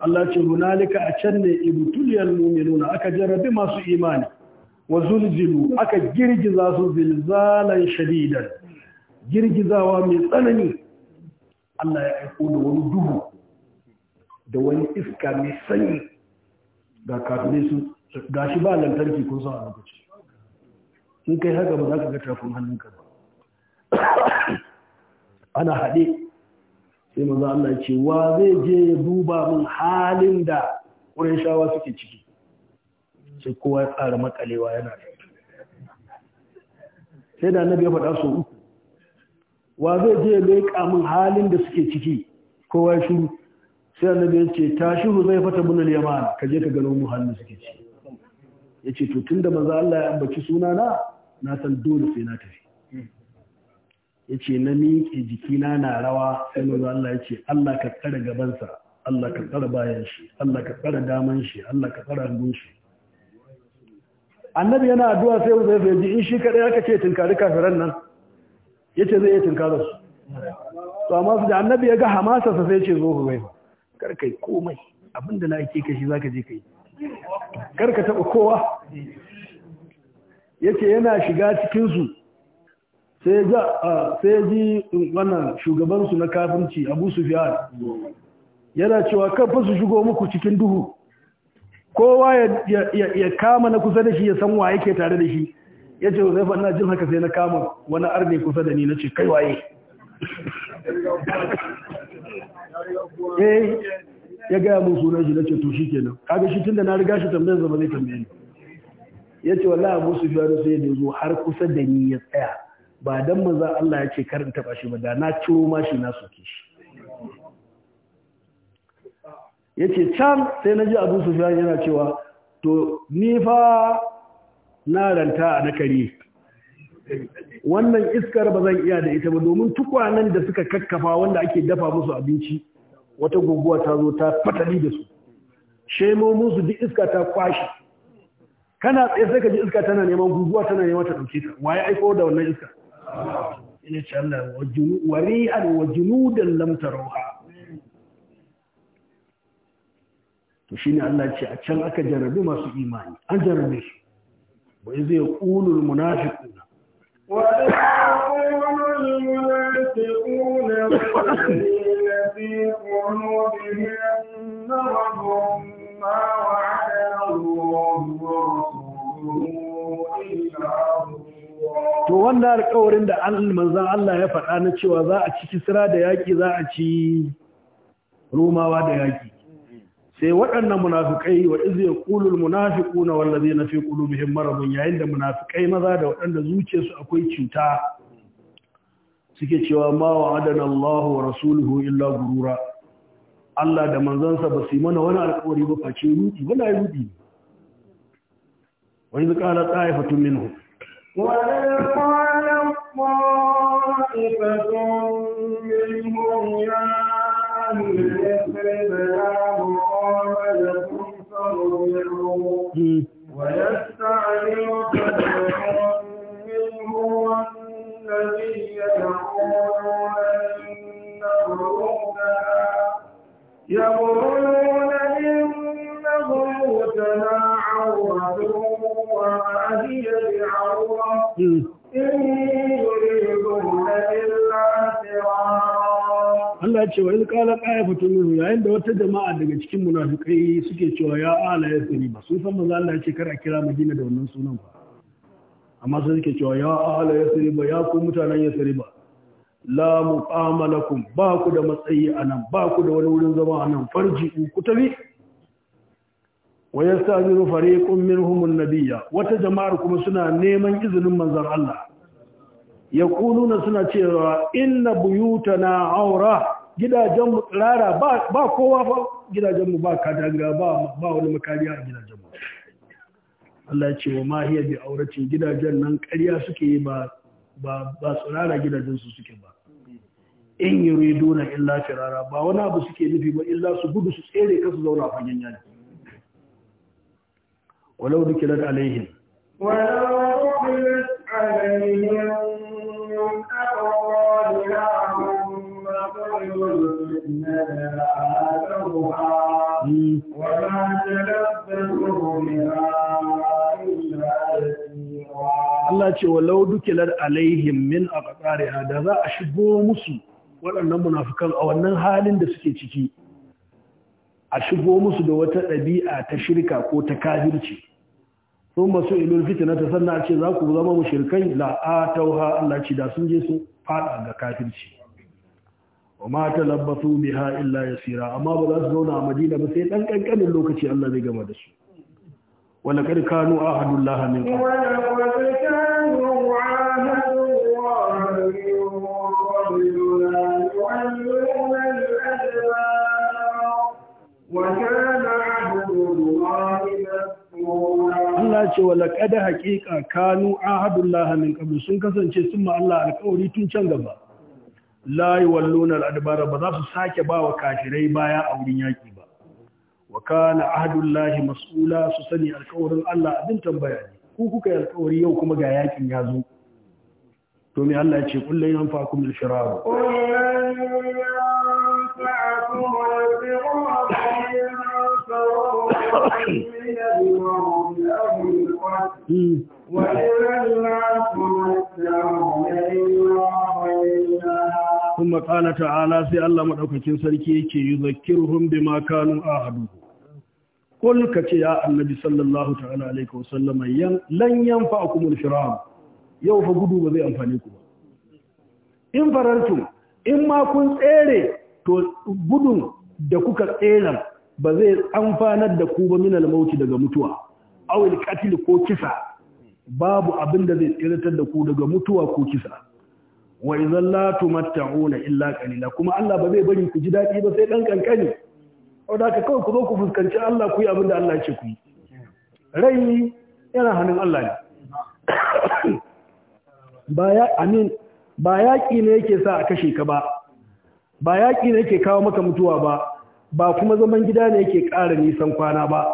Allah ce hunalika a can ne ibtuliyal muminuna aka jarabi masu imani wa zulzilu aka girgiza su zilzalan shadidan girgizawa mai tsanani Allah ya aiko da wani duhu da wani iska mai sanyi ga kafin su shi ba lantarki kun sa a lokaci Sun kai haka ba za ka ga tafin hannun ka ana haɗe sai maza Allah ya ce wa zai je ya duba min halin da ƙurin shawa suke ciki sai kowa ya tsara makalewa yana sai da annabi ya faɗa so uku wa zai je leƙa kamun halin da suke ciki kowa shi sai annabi ya ce tashi zai fata munal yaman ka je ka gano mu halin suke ciki yace to tunda manzo Allah ya ambaci suna na na san dole sai na tafi yace na miƙe jikina na rawa sai manzo Allah ya ce Allah ka tsare gaban sa Allah ka tsare bayan shi Allah ka tsare daman shi Allah ka tsare hangun shi annabi yana addu'a sai zai ji in shi kadai aka ce tunkari kafiran nan yace zai iya tunkarar su to amma su da annabi ya ga hamasa sa sai ce zo ku bai karkai komai abinda na ake kashi zaka je kai karka taba kowa yace yana shiga cikin su sai ga sai ji wannan shugaban su na kafinci Abu Sufyan yana cewa kan fa su shigo muku cikin duhu kowa ya kama na kusa da shi ya san wa yake tare da shi ya ce huzaifa ina jin haka sai na kama wani arne kusa da ni na ce kai waye eh ya gaya mun sunan shi na ce to shi kenan kaga shi tunda na riga shi tambayar zama zai tambaye ni ya ce wallahi abu su fiye sai da zo har kusa da ni ya tsaya ba dan maza Allah ya ce karin taba shi ba da na ciro ma shi na soke shi ya ce can sai na ji abu su yana cewa to ni fa na ranta a nakari wannan iskar ba zan iya da ita ba domin tukwanen da suka kakkafa wanda ake dafa musu abinci wata guguwa ta zo ta fatali da su shemo su duk iska ta kwashi kana tsaye sai ka ji iska tana neman guguwa tana neman ta ɗauke ta waye aiko da wannan iska ina ce Allah wari'an wa dan lam tarawha to shine Allah ce a can aka jarabi masu imani an jarabe su وإذ يقول المنافقون وإذ to wanda alƙawarin da manzan Allah ya faɗa na cewa za a ci kisra da yaƙi za a ci romawa da yaƙi sai waɗannan munafikai wa iz yaqulu al munafiquna wal ladina fi qulubihim maradun yayin da munafikai maza da waɗanda zuciyarsu akwai cuta suke cewa ma wa'adana Allah wa rasuluhu illa gurura Allah da manzansa ba su yi mana wani alƙawari ba face rudi ba yi rudi wani zaka ala ta'ifatun minhu wa qala ta'ifatun minhum ya يثرب لا مقام لكم فارجعوا ويستعجلك فرع منه والنبي يقولون إن بيوتنا يقولون إن بيوتنا عورة وما هي بعورة إن Allah ya ce wa iz qala qa'ifatu minhu yayin da wata jama'a daga cikin munafikai suke cewa ya ala ya tsiri ba sun san manzo Allah ya ce kar a kira Madina da wannan sunan ba amma sai suke cewa ya ala ya tsiri ba ya ku mutanen ya tsiri ba la muqama lakum ba ku da matsayi anan ba ku da wani wurin zama anan farji ku tabi wa yastajiru fariqun minhum an-nabiyya wata jama'ar kuma suna neman izinin manzon Allah yakuluna suna cewa inna buyutana aura gidajenmu tsirara ba kowa ba gidajenmu ba kadaga ba wani makariya a gidajenmu Allah ce wa mahiya bi auracin gidajen nan ƙarya suke yi ba tsirara gidajensu suke ba in yi rido na illa firara ba wani abu suke nufi ba illa su gudu su tsere kasu zauna fagen yaki walau dukilar alaihim walau dukilar alaihim Allah ce wa laudukilar alaihim min a ƙasariha da za a shigo musu waɗannan munafukan a wannan halin da suke ciki a shigo musu da wata ɗabi'a ta shirka ko ta kafirci sun masu ilul fitina ta sannan ce za ku zama mushirkai la'atauha Allah ce da sun je sun faɗa ga kafirci wa ma talabbasu biha illa yasira amma ba za su zauna a Madina ba sai dan kankanin lokaci Allah zai gama da su wala kad kanu ahadullah min Allah ce wala kada haƙiƙa kanu ahadullah min qabl sun kasance sun ma Allah alƙawari tun can gaba layi al al'adubara ba za su sake ba wa kafirai baya a wurin yaki ba wa kana ahadullahi mas'ula su sani alkawarin Allah abin tambaya ne ku kuka yi alkawari yau kuma ga yakin ya zo to me Allah ya ce kullun yanfa'akum al-shirar وإلى الله ترجع kuma ƙala ta'ala sai Allah maɗaukakin sarki yake yi zakirhum bi makanu a hadu. Kul ka ce ya annabi sallallahu ta'ala alaihi wasallam lan yanfa akumul firam yau fa gudu ba zai amfani ku ba. In farantu, in ma kun tsere to gudun da kuka tsere ba zai amfanar da ku ba min almauti daga mutuwa awil qatil ko kisa babu abin da zai tsiratar da ku daga mutuwa ko kisa wa idan la tumatta'una illa qalila kuma Allah ba zai bari ku ji dadi ba sai dan kankani saboda haka kawai ku zo ku fuskanci Allah ku yi abin da Allah ya ce ku yi rai yana hannun Allah ne ba ya amin ba yaƙi ne yake sa a kashe ka ba ba yaƙi ne yake kawo maka mutuwa ba ba kuma zaman gida ne yake ƙara nisan kwana ba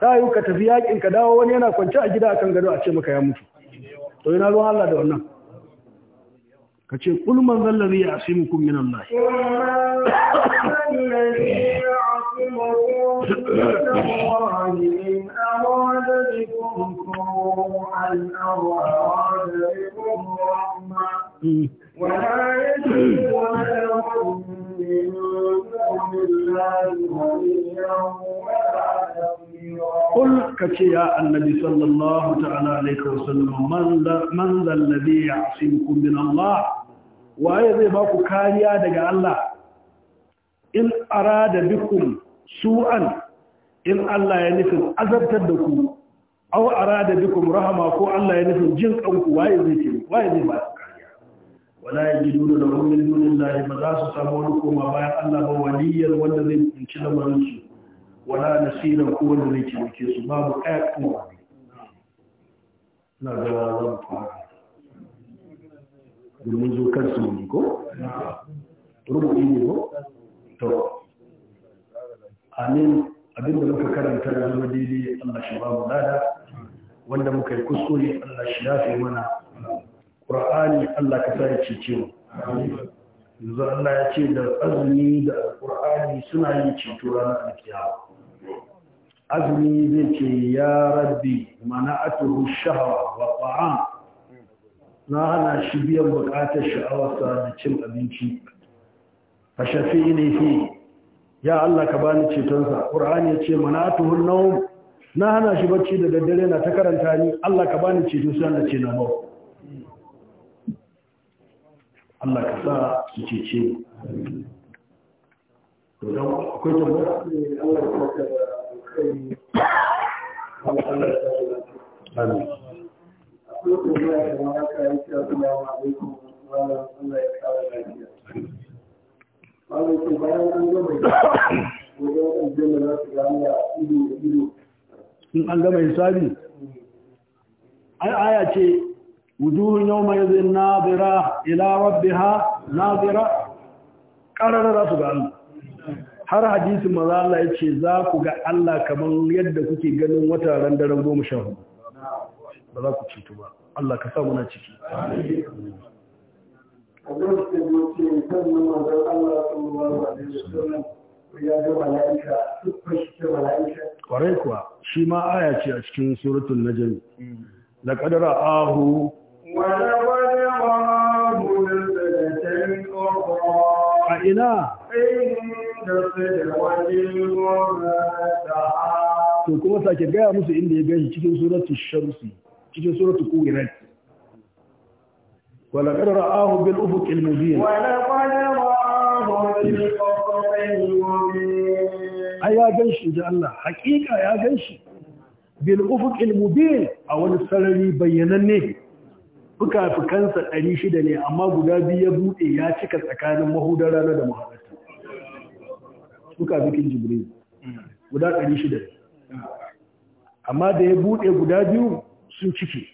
ta yi ka tafi yaƙin ka dawo wani yana kwance a gida akan gado a ce maka ya mutu to yana zuwa Allah da wannan ka ce kulman zallari ya fi mukun minan lahi ولا قل كتي يا النبي صلى الله تعالى عليه وسلم من ذا الذي يعصمكم من الله waye zai ba kariya daga Allah in arada bikum su'an in Allah ya nufin azabtar da ku aw arada bikum rahama ko Allah ya nufin jin kanku waye zai ce waye zai ba ku kariya wala yajiduna lahum min za su samu wani koma bayan Allah ba waliyyar wanda zai kunci lamarin wala na nasiran ko wanda zai taimake su babu ɗaya kan wani na ga zan fara domin zo kan su ne ko rubuɗi ne ko to amin abinda muka karanta da zama daidai Allah shi babu lada wanda muka yi kuskure Allah shi yafe mana Qur'ani Allah ka sa ya cece mu yanzu Allah ya ce da azumi da ƙur'ani suna yin ceto ranar alkiyama azumi zai ce ya rabbi mana atuhu shahawa wa ta'am na hana shi biyan bukatar sha'awarsa da cin abinci a shafi ne fi ya Allah ka bani cetonsa qur'ani ya ce mana atuhu nawm na hana shi bacci da daddare na ta karanta ni Allah ka bani ceto sai na ce na ba Allah ka sa su cece to akwai tambaya Allah ya in an gama hisabi ai aya ce wujuhun mai idhin nadira ila rabbiha nadira qarara rasu ga Allah har hadisi maza Allah ya ce za ku ga Allah kamar yadda kuke ganin wata ran daren goma sha hudu ba za ku ceto ba Allah ka sa ciki kwarai kuwa shi ma ce a cikin suratun na laqad a ina to kuma sake gaya musu inda ya gaji cikin suratu shamsi cikin suratu kuwirat wala qad ra'ahu bil ufuq al mubin wala qad ra'ahu bil ufuq al mubin ai ya ganshi da Allah hakika ya ganshi bil ufuq al mubin a wani sarari bayyananne fuka-fukansa 600 ne amma guda biyu ya bude ya cika tsakanin mahudar rana da mahadar Suka zikin jibril mm. guda 600 amma da ya buɗe guda biyu sun cike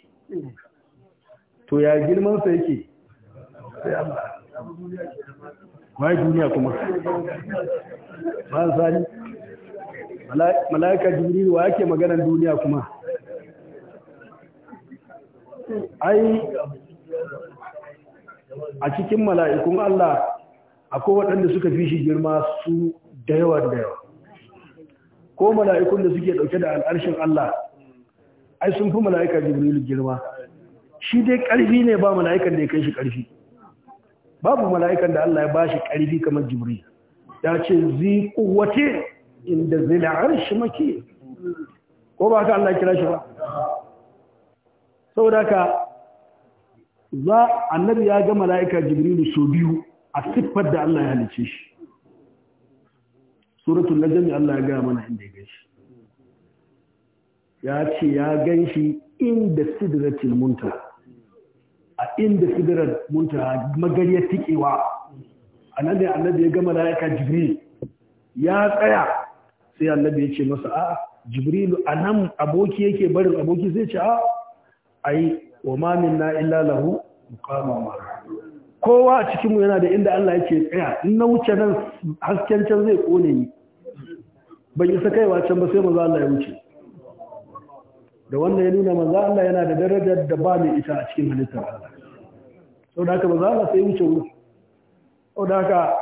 to ya girman sa yake sai wai duniya kuma ba sani mala'ika jibril wa yake maganar duniya kuma ai a cikin mala'ikun Allah akwai waɗanda suka fi shi girma su da yawa da yawa ko mala'ikun da suke ɗauke da al'arshin Allah ai sun fi mala'ika jibril girma shi dai karfi ne ba mala'ikan da ya kai shi karfi babu mala'ikan da Allah ya ba shi karfi kamar jibril ya ce zi ƙuwate inda zila arshi maki ko ba ka Allah kira shi ba saboda ka za annabi ya ga mala'ika jibril sau biyu a siffar da Allah ya halice shi na Jami Allah ya gaya mana inda ya ganshi ya ce ya ganshi inda sidratil muntaha a inda sidratil muntaha magariya tikewa a annabi annabi ya gama malaika jibril ya tsaya sai annabi ya ce masa a jibrilu a nan aboki yake barin aboki zai ce a Ayi wa ma na illa lahu muqama mara kowa a cikinmu yana da inda Allah yake tsaya in na wuce nan hasken can zai kone ni ban isa kaiwa can ba sai maza Allah ya wuce da wannan ya nuna manzo Allah yana da darajar da ba mai ita a cikin halittar Allah sau da haka manzo Allah sai wuce wuri sau da haka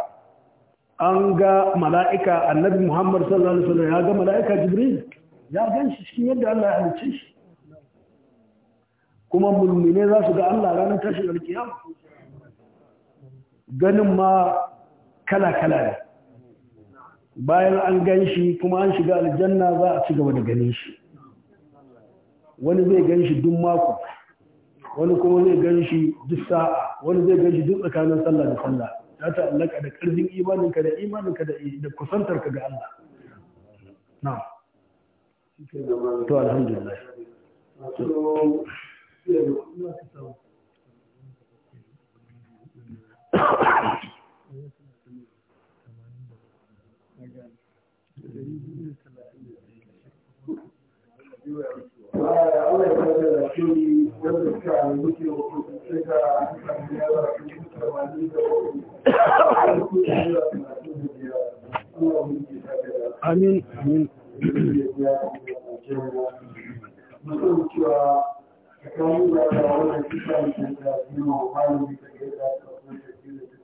an ga mala'ika annabi Muhammad sallallahu alaihi wasallam ya ga mala'ika Jibril ya gan shi cikin yadda Allah ya halicce shi kuma mulmine za su ga Allah ranar tashin alkiyama ganin ma kala-kala ne bayan an gan shi kuma an shiga aljanna za a ci gaba da ganin shi wani zai gan shi duk mako wani kuma zai gan shi duk sa'a wani zai gan shi duk tsakanin sallah da sallah ya ta'allaka da ƙarfin imaninka da imaninka da kusantarka ga Allah na to alhamdulillah amin amin cewa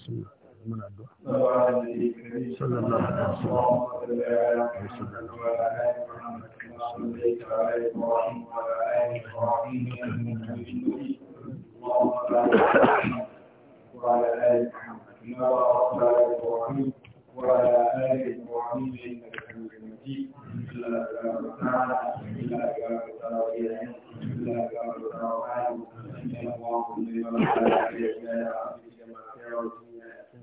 وسلم من الدعاء صلى الله عليه وسلم وصلى الله على محمد وصلى على ابراهيم وعلى ال ابراهيم اللهم بارك على محمد وعلى ال محمد كما باركت على ابراهيم وعلى ال ابراهيم انك حميد مجيد الا كما تعالى الا كما تعالى الا كما تعالى اللهم صل على سيدنا عبدك ما خير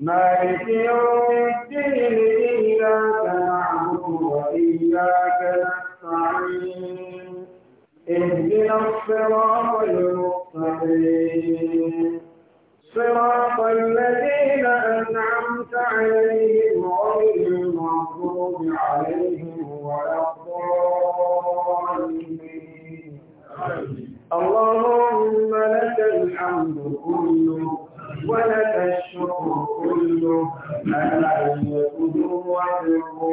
مالك يوم الدين إياك نعبد وإياك نستعين اهدنا الصراط المستقيم صراط الذين أنعمت عليهم غير المغضوب عليهم ولا الضالين اللهم لك الحمد كله ولك الشكر كله ألا يكون وجهه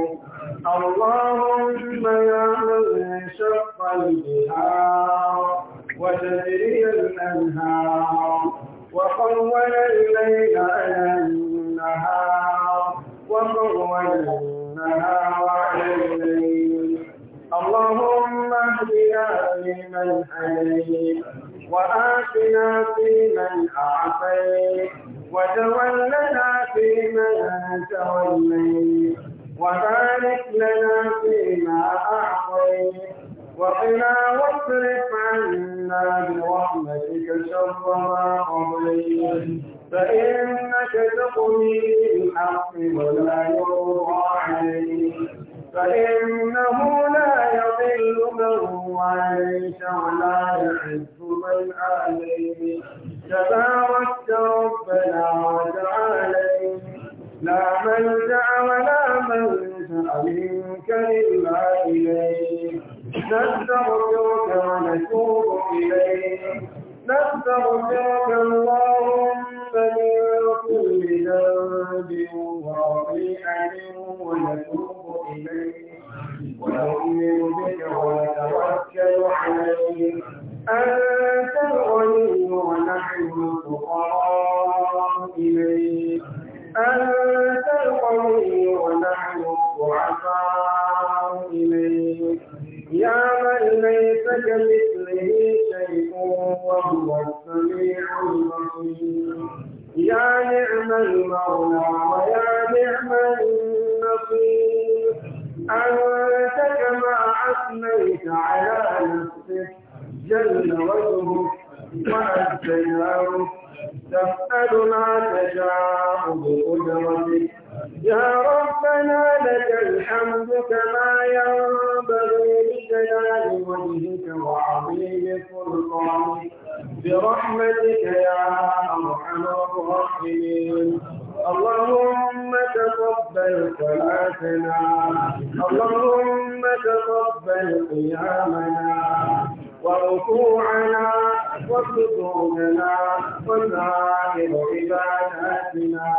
اللهم يا من شق البحار وتجري الأنهار وحول الليل على النهار وحول النهار على الليل اللهم اهدنا فيمن هديت وآتنا فيمن أعطيت وتولنا فيمن توليت وبارك لنا فيما أعطيت وقنا واصرف عنا برحمتك شر ما قضيت فإنك تقضي بالحق ولا يرضى عليك فإنه لا يضل من وليت ولا يحب من عليه تبارك ربنا وتعالى لا ملجأ ولا ملجأ منك إلا إليك نستغفرك ونتوب إليك نستغفرك اللهم من كل ذنب وخطيئة ونتوب إليك ونؤمن بك ونتوكل عليك أنت الغني ونحن الفقراء إليك أنت الغني ونحن الضعفاء إليك يا من ليس كمثله وهو السميع البصير يا نعم المولى ويا نعم النصير أنت كما أثنيت على نفسك جل وجهك وأنت تسألنا تشاء بقدرتك يا ربنا لك الحمد كما ينبغي لجلال وجهك وعظيم سلطانك برحمتك يا أرحم الراحمين اللهم تقبل صلاتنا اللهم تقبل قيامنا وركوعنا وسجودنا وسائر عباداتنا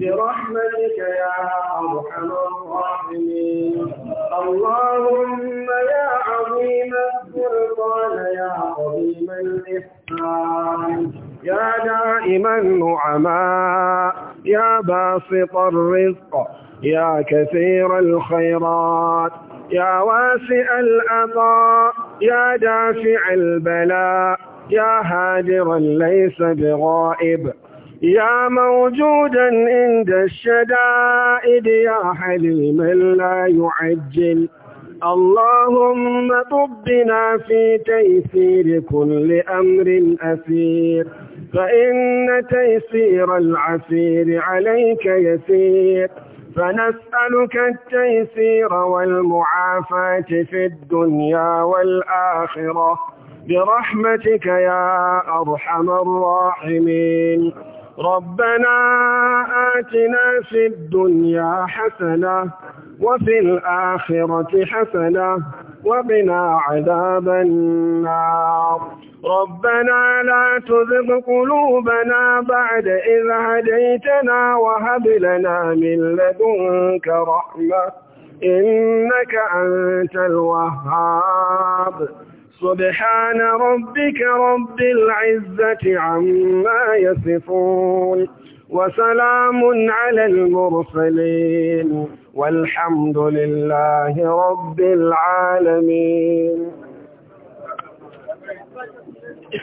برحمتك يا أرحم الراحمين اللهم يا عظيم السلطان يا عظيم الإحسان يا دائم النعماء يا باسط الرزق يا كثير الخيرات يا واسع العطاء يا دافع البلاء يا هادرا ليس بغائب يا موجودا عند الشدائد يا حليما لا يعجل اللهم طبنا في تيسير كل أمر أسير فإن تيسير العسير عليك يسير فنسألك التيسير والمعافاة في الدنيا والآخرة برحمتك يا أرحم الراحمين ربنا آتنا في الدنيا حسنة وفي الآخرة حسنة وقنا عذاب النار ربنا لا تزغ قلوبنا بعد إذ هديتنا وهب لنا من لدنك رحمة إنك أنت الوهاب سبحان ربك رب العزة عما يصفون وسلام على المرسلين والحمد لله رب العالمين